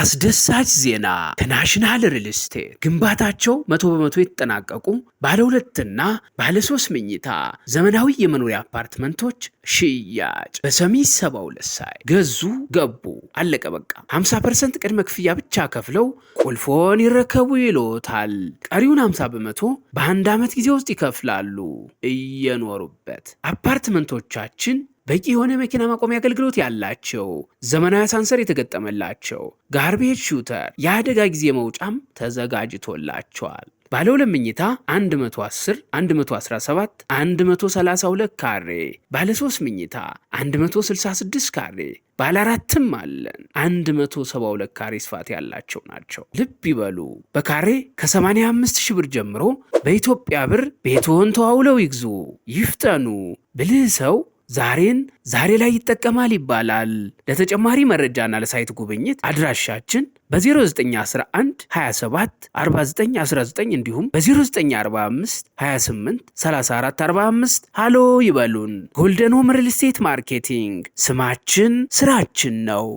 አስደሳች ዜና ከናሽናል ሪል ስቴት ግንባታቸው መቶ በመቶ የተጠናቀቁ ባለ ሁለትና ባለ ሶስት መኝታ ዘመናዊ የመኖሪያ አፓርትመንቶች ሽያጭ በሰሚት ሁለት ሳይ ገዙ ገቡ አለቀ በቃ 50% ቅድመ ክፍያ ብቻ ከፍለው ቁልፎን ይረከቡ ይሎታል። ቀሪውን 50 በመቶ በአንድ ዓመት ጊዜ ውስጥ ይከፍላሉ። እየኖሩበት አፓርትመንቶቻችን በቂ የሆነ መኪና ማቆሚያ አገልግሎት ያላቸው ዘመናዊ አሳንሰር የተገጠመላቸው ጋርቤጅ ሹተር የአደጋ ጊዜ መውጫም ተዘጋጅቶላቸዋል። ባለ ሁለት መኝታ 110 117 132 ካሬ፣ ባለ 3 መኝታ 166 ካሬ ባለ አራትም አለን 172 ካሬ ስፋት ያላቸው ናቸው። ልብ ይበሉ በካሬ ከ85 ሺህ ብር ጀምሮ በኢትዮጵያ ብር ቤትዎን ተዋውለው ይግዙ። ይፍጠኑ። ብልህ ሰው ዛሬን ዛሬ ላይ ይጠቀማል ይባላል። ለተጨማሪ መረጃና ለሳይት ጉብኝት አድራሻችን በ0911 27 4919 እንዲሁም በ0945 28 3445 ሃሎ ይበሉን። ጎልደን ሆም ሪል ስቴት ማርኬቲንግ ስማችን ስራችን ነው።